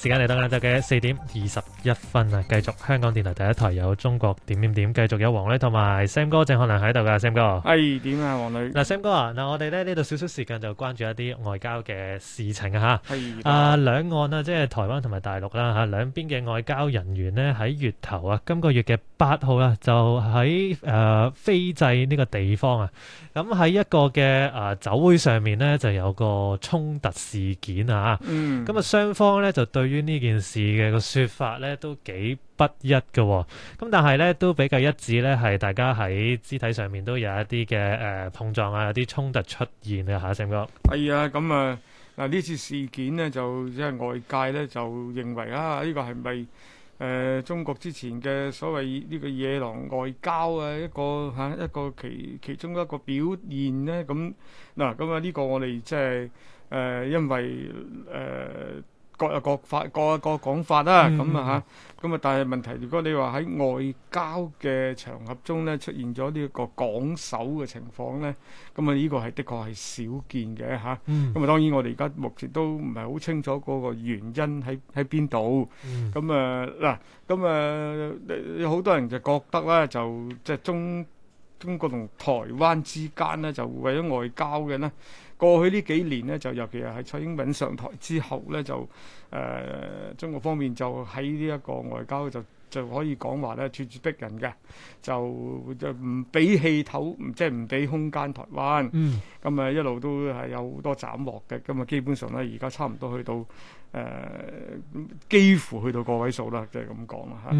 時間嚟到晏晝嘅四點二十一分啊！繼續香港電台第一台有中國點點點，繼續有王女同埋 Sam 哥鄭漢良喺度噶，Sam 哥係點啊？王女嗱，Sam 哥啊，嗱我哋咧呢度少少時間就關注一啲外交嘅事情啊吓，係啊兩岸啊，岸即係台灣同埋大陸啦吓，兩邊嘅外交人員呢，喺月頭啊，今個月嘅八號啦，就喺誒斐濟呢個地方啊，咁喺一個嘅誒、呃、酒會上面呢，就有個衝突事件啊，嗯，咁啊雙方呢就對。於呢件事嘅個說法咧都幾不一嘅，咁但係咧都比較一致咧，係大家喺肢體上面都有一啲嘅誒碰撞啊，有啲衝突出現啊，吓成哥，係啊，咁啊啊，呢次事件咧就即係外界咧就認為啊，呢個係咪誒中國之前嘅所謂呢個野狼外交啊一個吓一個其其中一個表現咧，咁嗱，咁啊呢個我哋即係誒因為誒。各有各法，各有各講法啦。咁啊嚇，咁啊，但係問題，如果你話喺外交嘅場合中咧，出現咗呢個講手嘅情況咧，咁啊，呢個係的確係少見嘅嚇。咁啊，當然我哋而家目前都唔係好清楚嗰個原因喺喺邊度。咁啊嗱，咁啊，有好多人就覺得咧，就即係中。中國同台灣之間咧就為咗外交嘅呢，過去呢幾年呢，就尤其係喺蔡英文上台之後呢，就誒、呃、中國方面就喺呢一個外交就就可以講話咧，咄咄逼人嘅，就就唔俾氣頭，即係唔俾空間台灣。嗯，咁啊一路都係有好多斬獲嘅，咁啊基本上呢，而家差唔多去到。誒幾乎去到個位數啦，即係咁講啦嚇。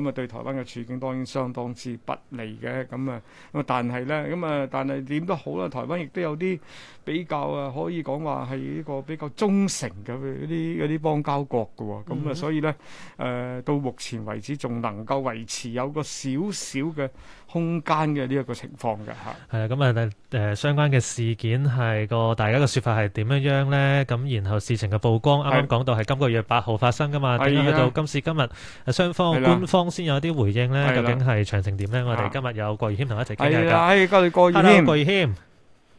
咁啊，對台灣嘅處境當然相當之不利嘅。咁啊，咁啊，但係咧，咁啊，但係點都好啦，台灣亦都有啲比較啊，可以講話係一個比較忠誠嘅嗰啲嗰啲邦交國嘅喎。咁啊，所以咧，誒到目前為止仲能夠維持有個少少嘅空間嘅呢一個情況嘅嚇。係啊，咁啊誒相關嘅事件係個大家嘅説法係點樣樣咧？咁然後事情嘅曝光啱啱。講到係今個月八號發生噶嘛，到今時今日，雙方官方先有啲回應咧，究竟係長程點咧？我哋今日有郭豫謙同我一齊傾偈。係，各位郭豫謙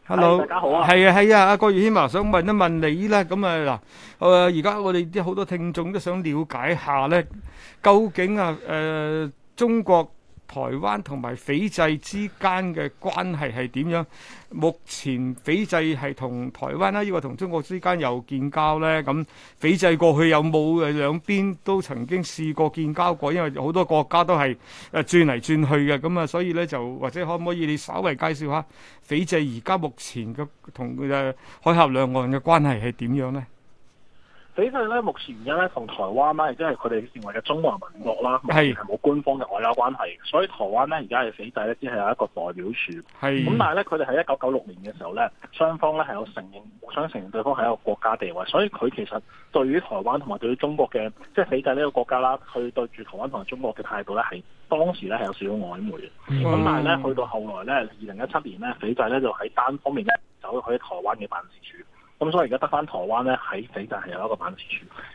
，hello，大家好啊。係啊係啊，阿郭豫謙啊，想問一問你啦。咁啊嗱，誒，而家我哋啲好多聽眾都想了解下咧，究竟啊誒，中國。台灣同埋斐濟之間嘅關係係點樣？目前斐濟係同台灣啦，呢個同中國之間有建交呢。咁斐濟過去有冇誒兩邊都曾經試過建交過？因為好多國家都係誒轉嚟轉去嘅咁啊，所以呢就或者可唔可以你稍微介紹下斐濟而家目前嘅同誒海峽兩岸嘅關係係點樣呢？斐濟咧，目前而家咧同台灣咧，即係佢哋認為嘅中華民國啦，目前係冇官方嘅外交關係，所以台灣咧而家嘅斐濟咧，只係有一個代表處。係咁是，但係咧，佢哋喺一九九六年嘅時候咧，雙方咧係有承認，互相承認對方係一個國家地位，所以佢其實對於台灣同埋對於中國嘅，即係斐濟呢個國家啦，佢對住台灣同埋中國嘅態度咧，係當時咧係有少少曖昧嘅。咁但係咧，去到後來咧，二零一七年咧，斐濟咧就喺單方面咧走去台灣嘅辦事處。咁所以而家得翻台灣咧，喺死就係有一個辦事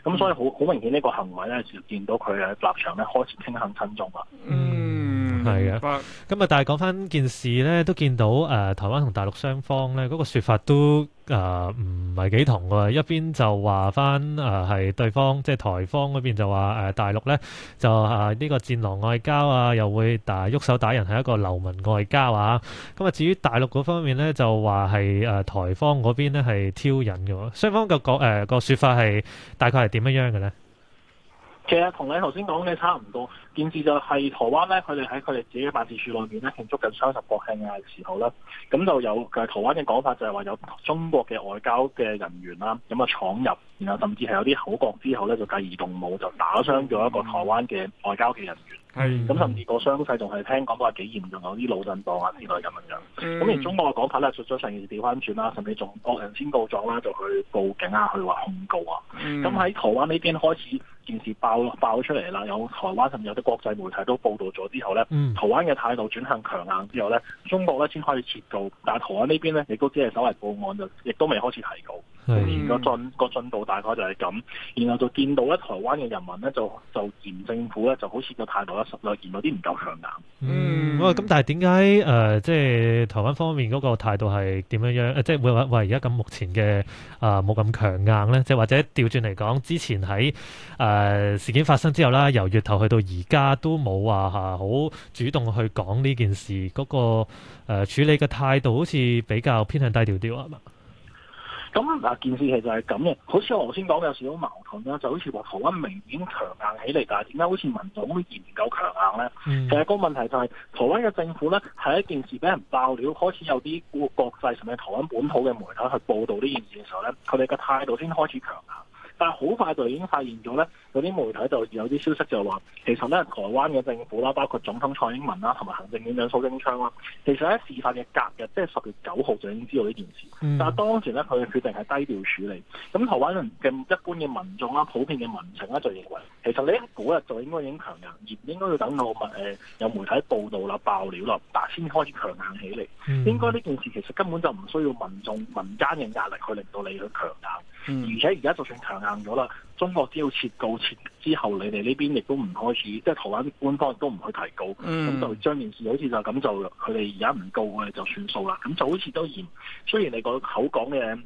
處，咁所以好好明顯呢個行為咧，就見到佢喺立場咧開始傾向親中啦。嗯。係嘅。咁啊，但係講翻件事咧，都見到誒、呃，台灣同大陸雙方咧嗰、那個説法都誒唔係幾同喎。一邊就話翻誒係對方，即係台方嗰邊就話誒、呃、大陸咧就啊呢、呃這個戰狼外交啊，又會打喐手打人，係一個流民外交啊。咁啊，至於大陸嗰方面咧，就話係誒台方嗰邊咧係挑釁嘅喎。雙方嘅講誒個説法係大概係點樣嘅咧？其實同你頭先講嘅差唔多，件事就係台灣咧，佢哋喺佢哋自己辦事處裏面咧慶祝緊雙十國慶嘅時候啦。咁就有台灣嘅講法就係話有中國嘅外交嘅人員啦，咁啊闖入，然後甚至係有啲口角之後咧，就繼而動武就打傷咗一個台灣嘅外交嘅人員，咁、mm hmm. 甚至個傷勢仲係聽講都話幾嚴重有、啊，有啲腦震盪啊之類咁樣樣。咁、mm hmm. 而中國嘅講法咧，就將成件事調翻轉啦，甚至仲惡人先告狀啦，就去報警啊，去話控告啊。咁喺、mm hmm. 台灣呢邊開始。件事爆爆出嚟啦，有台灣甚至有啲國際媒體都報導咗之後呢，嗯、台灣嘅態度轉向強硬之後呢，中國咧先開始撤告，但係台灣呢邊呢，亦都只係稍為報案就，亦都未開始提告，是嗯、個進個進度大概就係咁。然後就見到咧，台灣嘅人民呢，就就嫌政府呢就好似個態度咧實在嫌有啲唔夠強硬。嗯，咁、嗯嗯、但係點解誒，即係台灣方面嗰個態度係點樣樣？呃、即係會話喂，而家咁目前嘅啊冇咁強硬呢，即係或者調轉嚟講，之前喺啊。誒、呃，事件發生之後啦，由月頭去到而家都冇話吓好主動去講呢件事，嗰、那個誒、呃、處理嘅態度好似比較偏向低調啲啊嘛。咁嗱、嗯，件事、嗯、其實係咁嘅，好似我頭先講嘅有少少矛盾啦，就好似話台灣明顯強硬起嚟，但係點解好似民眾仍然唔夠強硬呢？其實個問題就係、是、台灣嘅政府呢，喺一件事俾人爆料，開始有啲國際甚至台灣本土嘅媒體去報道呢件事嘅時候呢，佢哋嘅態度先開始強硬。但係好快就已經發現咗咧，有啲媒體就有啲消息就係話，其實咧台灣嘅政府啦，包括總統蔡英文啦，同埋行政院長蘇貞昌啦，其實喺事發嘅隔日，即係十月九號就已經知道呢件事。但係當時咧佢嘅決定係低調處理。咁台灣人嘅一般嘅民眾啦，普遍嘅民情啦，就認為其實呢，嗰日就應該已經強硬，而唔應該要等到誒有媒體報導啦、爆料啦，先開始強硬起嚟。嗯、應該呢件事其實根本就唔需要民眾民間嘅壓力去令到你去強硬。嗯、而且而家就算強硬咗啦，中國只要撤告撤之後，你哋呢邊亦都唔開始，即係台灣官方亦都唔去提告，咁、嗯、就將件事好似就咁就佢哋而家唔告嘅就算數啦，咁就好似都然，雖然你個口講嘅。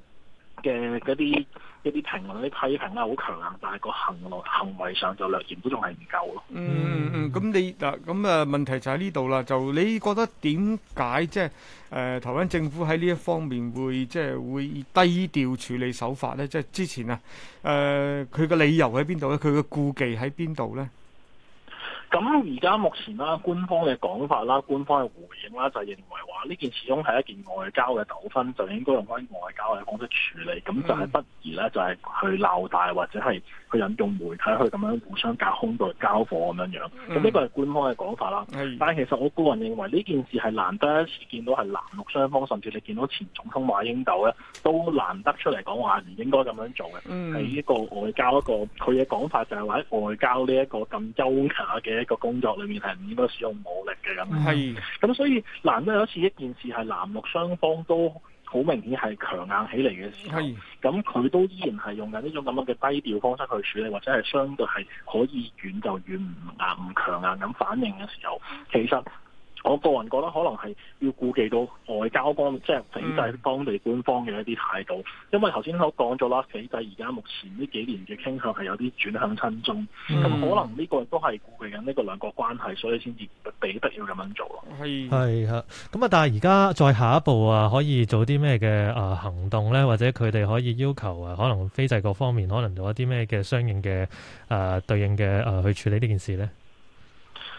嘅嗰啲一啲評論、啲批評啦，好強硬，但係個行路行為上就略嫌都仲係唔夠咯。嗯嗯嗯，咁你嗱，咁啊問題就喺呢度啦。就你覺得點解即係誒台灣政府喺呢一方面會即係會低調處理手法咧？即係之前啊，誒佢嘅理由喺邊度咧？佢嘅顧忌喺邊度咧？咁而家目前啦，官方嘅講法啦，官方嘅回應啦，就認為話呢件事始終係一件外交嘅糾紛，就應該用翻外交嘅方式處理，咁、mm. 就係不宜咧，就係去鬧大或者係去引用媒體去咁樣互相隔空度交火咁樣樣。咁呢、mm. 個係官方嘅講法啦。Mm. 但係其實我個人認為呢件事係難得一次見到係藍綠雙方，甚至你見到前總統馬英九咧，都難得出嚟講話唔應該咁樣做嘅。嗯，喺呢個外交一個，佢嘅講法就係話喺外交呢一個咁優雅嘅一個工作裏面係唔應該使用武力嘅，咁，係咁的的所以難得有一次一件事係藍綠雙方都好明顯係強硬起嚟嘅時候，咁佢的都依然係用緊呢種咁樣嘅低調方式去處理，或者係相對係可以軟就軟，唔硬唔強硬咁反應嘅時候，其實。我個人覺得可能係要顧忌到外交方，即係斐濟當地官方嘅一啲態度，嗯、因為頭先我講咗啦，斐濟而家目前呢幾年嘅傾向係有啲轉向親中，咁、嗯、可能呢個都係顧忌緊呢個兩個關係，所以先至唔俾得要咁樣做咯。係係啊，咁啊，但係而家再下一步啊，可以做啲咩嘅啊行動咧，或者佢哋可以要求啊，可能斐濟各方面可能做一啲咩嘅相應嘅啊、呃、對應嘅啊、呃、去處理呢件事咧？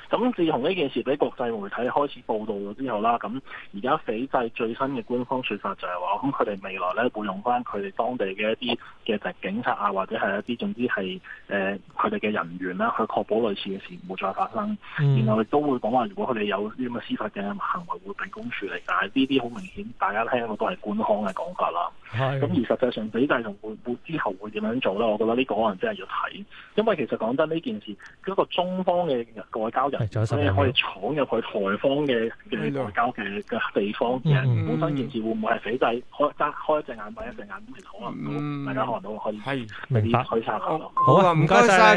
咁自從呢件事俾國際媒體開始報道咗之後啦，咁而家斐濟最新嘅官方說法就係話，咁佢哋未來咧會用返佢哋當地嘅一啲嘅警察啊，或者係一啲總之係誒。呃佢哋嘅人員咧，去確保類似嘅事唔會再發生。然後亦都會講話，如果佢哋有啲咁嘅司法嘅行為，會秉公處理。但係呢啲好明顯，大家聽到都係官方嘅講法啦。咁而實際上，斐濟同會會之後會點樣做咧？我覺得呢個可能真係要睇，因為其實講真，呢件事嗰個中方嘅外交人，可以闖入去台方嘅嘅外交嘅嘅地方，本身件事會唔會係斐濟開睜開一隻眼閉一隻眼可能啊？大家可能都可以明白。開差啱啦。好啊，唔該曬。